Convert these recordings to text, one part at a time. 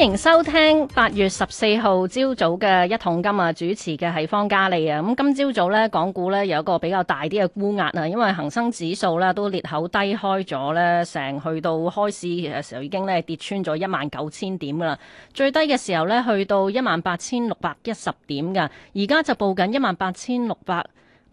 歡迎收聽八月十四號朝早嘅一桶金啊！主持嘅係方嘉莉啊！咁今朝早咧，港股咧有一個比較大啲嘅沽壓啊，因為恒生指數咧都裂口低開咗咧，成去到開市嘅時候已經咧跌穿咗一萬九千點噶啦，最低嘅時候咧去到一萬八千六百一十點嘅，而家就報緊一萬八千六百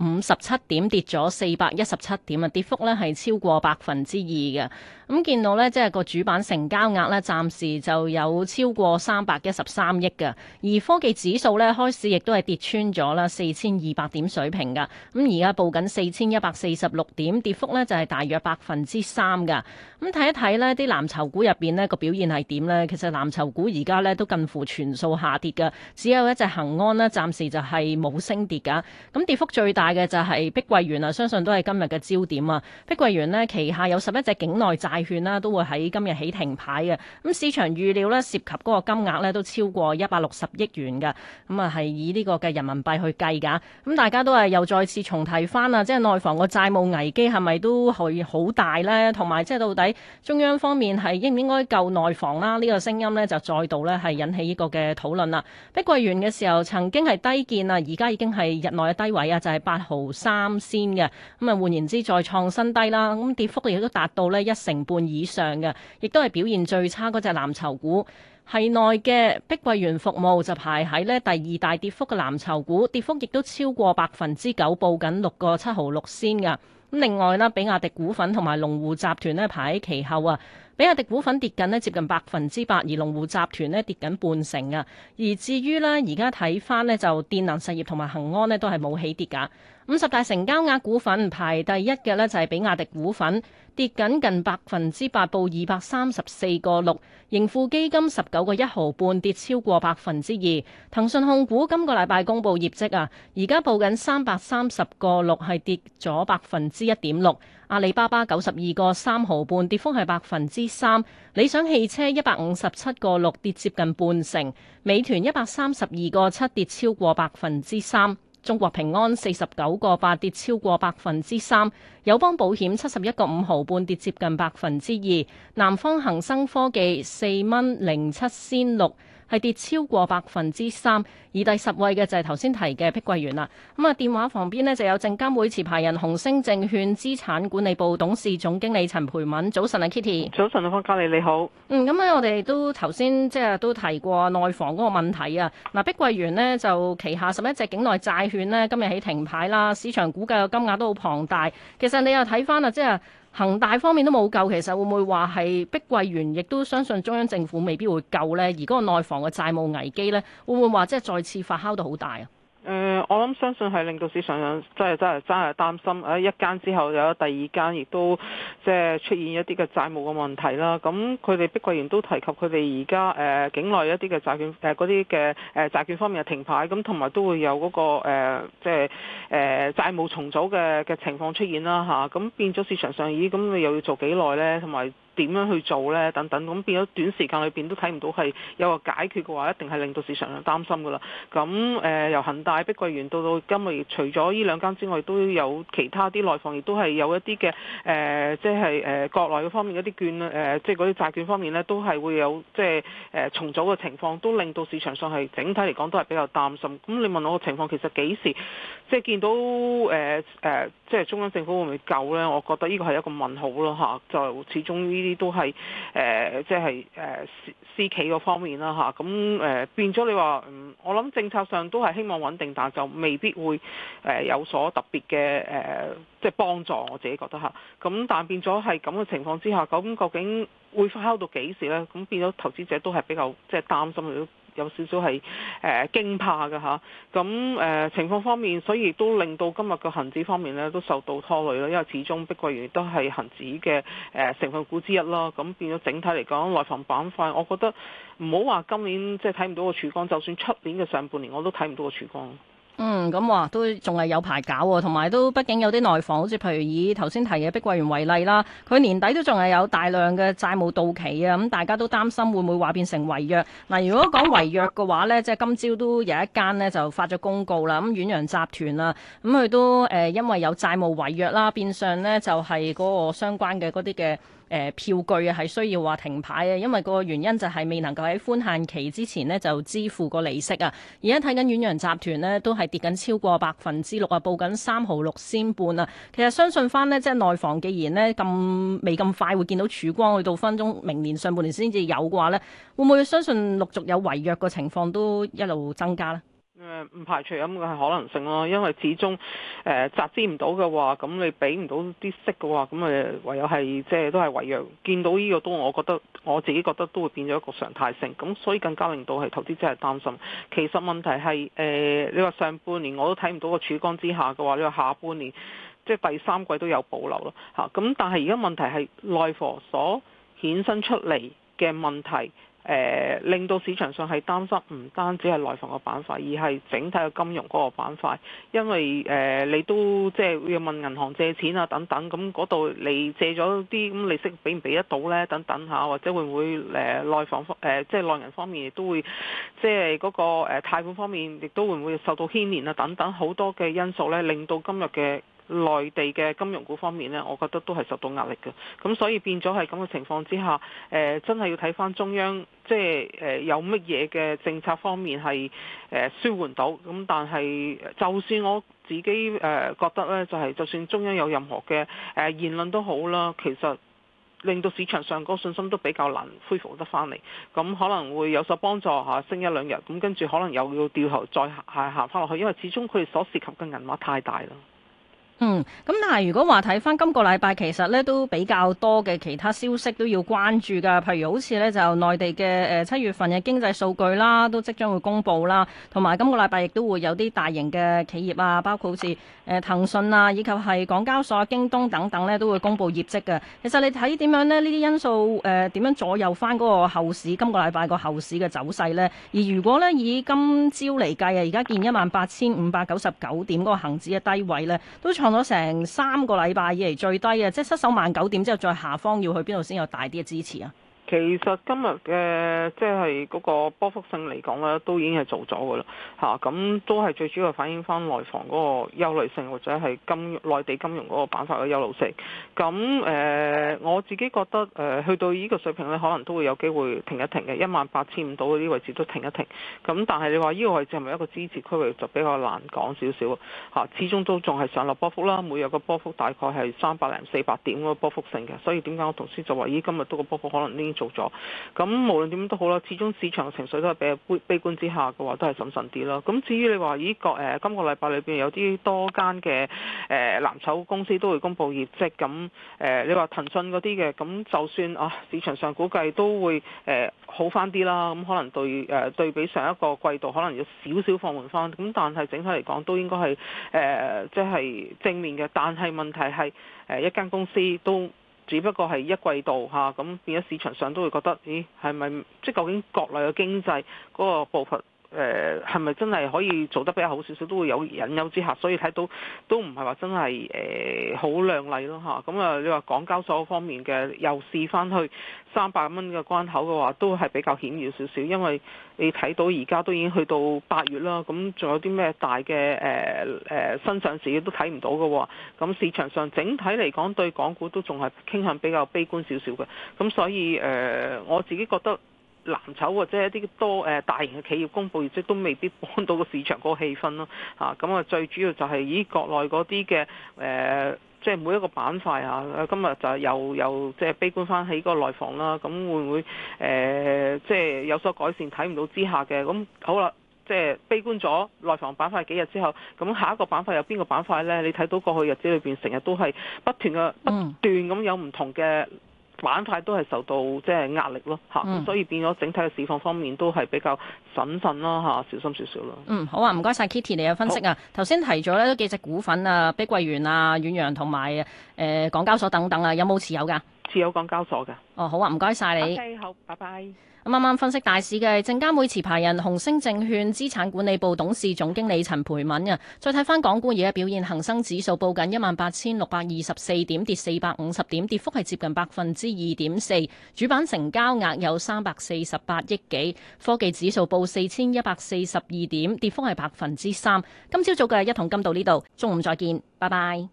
五十七點，跌咗四百一十七點啊，跌幅咧係超過百分之二嘅。咁見到呢，即係個主板成交額呢，暫時就有超過三百一十三億㗎。而科技指數呢，開市亦都係跌穿咗啦四千二百點水平㗎。咁而家報緊四千一百四十六點，跌幅呢就係大約百分之三㗎。咁睇一睇呢啲藍籌股入邊呢個表現係點呢？其實藍籌股而家呢都近乎全數下跌㗎，只有一隻恒安呢，暫時就係冇升跌㗎。咁跌幅最大嘅就係碧桂園啊，相信都係今日嘅焦點啊。碧桂園呢旗下有十一隻境內債。債券啦都會喺今日起停牌嘅，咁市場預料呢，涉及嗰個金額呢，都超過一百六十億元嘅，咁啊係以呢個嘅人民幣去計噶，咁、嗯、大家都係又再次重提翻啊，即係內房個債務危機係咪都係好大呢？同埋即係到底中央方面係應唔應該救內房啦？呢、這個聲音呢，就再度呢係引起呢個嘅討論啦。碧桂園嘅時候曾經係低見啊，而家已經係日內低位啊，就係、是、八毫三先嘅，咁、嗯、啊換言之再創新低啦，咁、嗯、跌幅亦都達到呢一成。半以上嘅，亦都係表現最差嗰隻藍籌股。係內嘅碧桂園服務就排喺呢第二大跌幅嘅藍籌股，跌幅亦都超過百分之九，報緊六個七毫六仙㗎。咁另外呢，比亞迪股份同埋龍湖集團呢，排喺其後啊。比亞迪股份跌緊咧，接近百分之八，而龍湖集團咧跌緊半成嘅啊。而至於咧，而家睇翻咧，就電能實業同埋恒安咧都係冇起跌㗎。五十大成交額股份排第一嘅咧就係比亞迪股份，跌緊近百分之八，報二百三十四個六，盈富基金十九個一毫半，跌超過百分之二。騰訊控股今個禮拜公布業績啊，而家報緊三百三十個六，係跌咗百分之一點六。阿里巴巴九十二個三毫半，跌幅係百分之。三理想汽車一百五十七個六跌接近半成，美團一百三十二個七跌超過百分之三，中國平安四十九個八跌超過百分之三。 友邦保險七十一個五毫半，跌接近百分之二。南方恒生科技四蚊零七仙六，係跌超過百分之三。而第十位嘅就係頭先提嘅碧桂園啦。咁啊，電話旁邊呢就有證監會持牌人紅星證券資產管理部董事總經理陳蓓敏。早晨啊，Kitty。早晨啊，方嘉莉，你好。嗯，咁咧我哋都頭先即係都提過內房嗰個問題啊。嗱，碧桂園呢就旗下十一隻境內債券呢，今日起停牌啦，市場估計嘅金額都好龐大。其實但你又睇翻啊，即係恒大方面都冇救，其實會唔會話係碧桂園亦都相信中央政府未必會救呢？而嗰個內房嘅債務危機呢，會唔會話即係再次發酵到好大啊？誒、呃，我諗相信係令到市場上，即係真係真係擔心，誒一間之後又有第二間，亦都。即係出現一啲嘅債務嘅問題啦，咁佢哋碧桂園都提及佢哋而家誒境內一啲嘅債券誒啲嘅誒債券方面嘅停牌，咁同埋都會有嗰個誒即係誒債務重組嘅嘅情況出現啦嚇，咁變咗市場上咦咁你又要做幾耐咧？同埋。點樣去做呢？等等咁變咗短時間裏邊都睇唔到係有個解決嘅話，一定係令到市場上擔心㗎啦。咁誒、呃、由恒大、碧桂園到到今日，除咗呢兩間之外，都有其他啲內房，亦都係有一啲嘅誒，即係誒、呃、國內嘅方面一啲券啊、呃，即係嗰啲債券方面呢，都係會有即係誒、呃、重組嘅情況，都令到市場上係整體嚟講都係比較擔心。咁你問我個情況，其實幾時即係見到誒誒，即係、呃呃、中央政府會唔會救呢？我覺得呢個係一個問號咯嚇、啊。就是、始終呢。啲都係誒、呃，即係誒、呃、私企個方面啦嚇，咁、啊、誒、呃、變咗你話，嗯，我諗政策上都係希望穩定，但就未必會誒、呃、有所特別嘅誒、呃，即係幫助我自己覺得嚇，咁、啊、但變咗係咁嘅情況之下，咁究竟會發酵到幾時呢？咁變咗投資者都係比較即係擔心佢。有少少係誒驚怕㗎吓，咁誒、呃、情況方面，所以亦都令到今日嘅恆指方面呢都受到拖累啦，因為始終碧桂園都係恆指嘅、呃、成分股之一咯，咁變咗整體嚟講內房板塊，我覺得唔好話今年即係睇唔到個曙光，就算出年嘅上半年我都睇唔到個曙光。嗯，咁話都仲係有排搞喎，同埋都畢竟有啲內房，好似譬如以頭先提嘅碧桂園為例啦，佢年底都仲係有大量嘅債務到期啊，咁、嗯、大家都擔心會唔會話變成違約。嗱、嗯，如果講違約嘅話呢，即係今朝都有一間呢就發咗公告啦，咁、嗯、遠洋集團啊，咁、嗯、佢都誒、呃、因為有債務違約啦，變相呢就係、是、嗰個相關嘅嗰啲嘅。誒、呃、票據啊，係需要話停牌啊，因為個原因就係未能夠喺寬限期之前咧就支付個利息啊。而家睇緊遠洋集團咧，都係跌緊超過百分之六啊，報緊三毫六仙半啊。其實相信翻咧，即係內房，既然咧咁未咁快會見到曙光，去到分鐘明年上半年先至有嘅話咧，會唔會相信陸續有違約嘅情況都一路增加咧？誒唔排除咁嘅係可能性咯，因為始終誒集、呃、資唔到嘅話，咁你俾唔到啲息嘅話，咁誒唯有係即係都係違約見到呢個都，我覺得我自己覺得都會變咗一個常態性，咁所以更加令到係投資者係擔心。其實問題係誒、呃、你話上半年我都睇唔到個曙光之下嘅話，你話下半年即係、就是、第三季都有保留咯嚇。咁、啊、但係而家問題係內房所衍生出嚟嘅問題。誒令到市場上係擔心，唔單止係內房嘅板塊，而係整體個金融嗰個板塊，因為誒、呃、你都即係、就是、要問銀行借錢啊等等，咁嗰度你借咗啲咁利息俾唔俾得到呢？等等嚇，或者會唔會誒內房方即係內銀方面亦都會即係嗰個誒貸款方面亦都會唔會受到牽連啊等等，好多嘅因素呢，令到今日嘅。內地嘅金融股方面呢，我覺得都係受到壓力嘅。咁所以變咗係咁嘅情況之下，誒、呃、真係要睇翻中央，即係誒有乜嘢嘅政策方面係誒、呃、舒緩到。咁但係就算我自己誒、呃、覺得呢，就係、是、就算中央有任何嘅誒、呃、言論都好啦，其實令到市場上嗰個信心都比較難恢復得翻嚟。咁可能會有所幫助嚇、啊，升一兩日。咁跟住可能又要掉頭再行行翻落去，因為始終佢哋所涉及嘅銀碼太大啦。嗯，咁但係如果話睇翻今個禮拜，其實咧都比較多嘅其他消息都要關注噶，譬如好似咧就內地嘅誒七月份嘅經濟數據啦，都即將會公布啦，同埋今個禮拜亦都會有啲大型嘅企業啊，包括好似誒騰訊啊，以及係港交所啊、京東等等咧都會公布業績嘅。其實你睇點樣咧？呢啲因素誒點、呃、樣左右翻嗰個後市？今個禮拜個後市嘅走勢咧？而如果咧以今朝嚟計啊，而家見一萬八千五百九十九點嗰個恒指嘅低位咧，都放咗成三個禮拜以嚟最低啊！即係失守萬九點之後，再下方要去邊度先有大啲嘅支持啊？其實今日嘅即係嗰個波幅性嚟講咧，都已經係做咗嘅啦，嚇、啊、咁都係最主要反映翻內房嗰個憂慮性，或者係金內地金融嗰個板塊嘅憂慮性。咁、啊、誒，我自己覺得誒、啊、去到呢個水平咧，可能都會有機會停一停嘅，一萬八千五度嗰啲位置都停一停。咁、啊、但係你話呢個位置係咪一個支持區域，就比較難講少少啊。始終都仲係上落波幅啦，每日個波幅大概係三百零四百點嗰個波幅性嘅，所以點解我同事就話咦，今日都個波幅可能呢？做咗，咁無論點都好啦，始終市場嘅情緒都係比較悲悲觀之下嘅話，都係審慎啲咯。咁至於你話依、這個誒、呃、今個禮拜裏邊有啲多間嘅誒藍籌公司都會公布業績，咁誒、呃、你話騰訊嗰啲嘅，咁就算啊市場上估計都會誒、呃、好翻啲啦。咁可能對誒、呃、對比上一個季度，可能有少少放緩翻，咁但係整體嚟講都應該係誒即係正面嘅。但係問題係誒、呃、一間公司都。只不過係一季度吓，咁變咗市場上都會覺得，咦，係咪即係究竟國內嘅經濟嗰個步伐？誒係咪真係可以做得比較好少少都會有隱憂之下，所以睇到都唔係話真係誒好靚麗咯吓。咁啊，你話港交所方面嘅又試翻去三百蚊嘅關口嘅話，都係比較顯要少少，因為你睇到而家都已經去到八月啦，咁仲有啲咩大嘅誒誒新上市都睇唔到嘅。咁、啊、市場上整體嚟講對港股都仲係傾向比較悲觀少少嘅。咁所以誒、呃，我自己覺得。藍籌或者一啲多誒、呃、大型嘅企業公布業績都未必幫到個市場個氣氛咯嚇，咁啊，啊最主要就係依國內嗰啲嘅誒，即、呃、係、就是、每一個板塊嚇、啊，今日就又又即係悲觀翻起個內房啦，咁、啊、會唔會誒即係有所改善睇唔到之下嘅，咁、啊、好啦，即、就、係、是、悲觀咗內房板塊幾日之後，咁、啊、下一個板塊有邊個板塊呢？你睇到過去日子裏邊成日都係不斷嘅、嗯、不斷咁有唔同嘅。板塊都係受到即係壓力咯，吓、嗯、所以變咗整體嘅市況方面都係比較審慎咯，吓，小心少少咯。嗯，好啊，唔該晒 Kitty 你嘅分析啊。頭先好提咗咧幾隻股份啊，碧桂園啊、遠洋同埋誒港交所等等啊，有冇持有噶？持有港交所噶。哦，好啊，唔該晒你。Okay，好，拜拜。啱啱分析大市嘅係證監會持牌人紅星證券資產管理部董事總經理陳蓓敏啊。再睇翻港股而家表現，恒生指數報緊一萬八千六百二十四點，跌四百五十點，跌幅係接近百分之二點四。主板成交額有三百四十八億幾，科技指數報四千一百四十二點，跌幅係百分之三。今朝早嘅一桶金到呢度，中午再見，拜拜。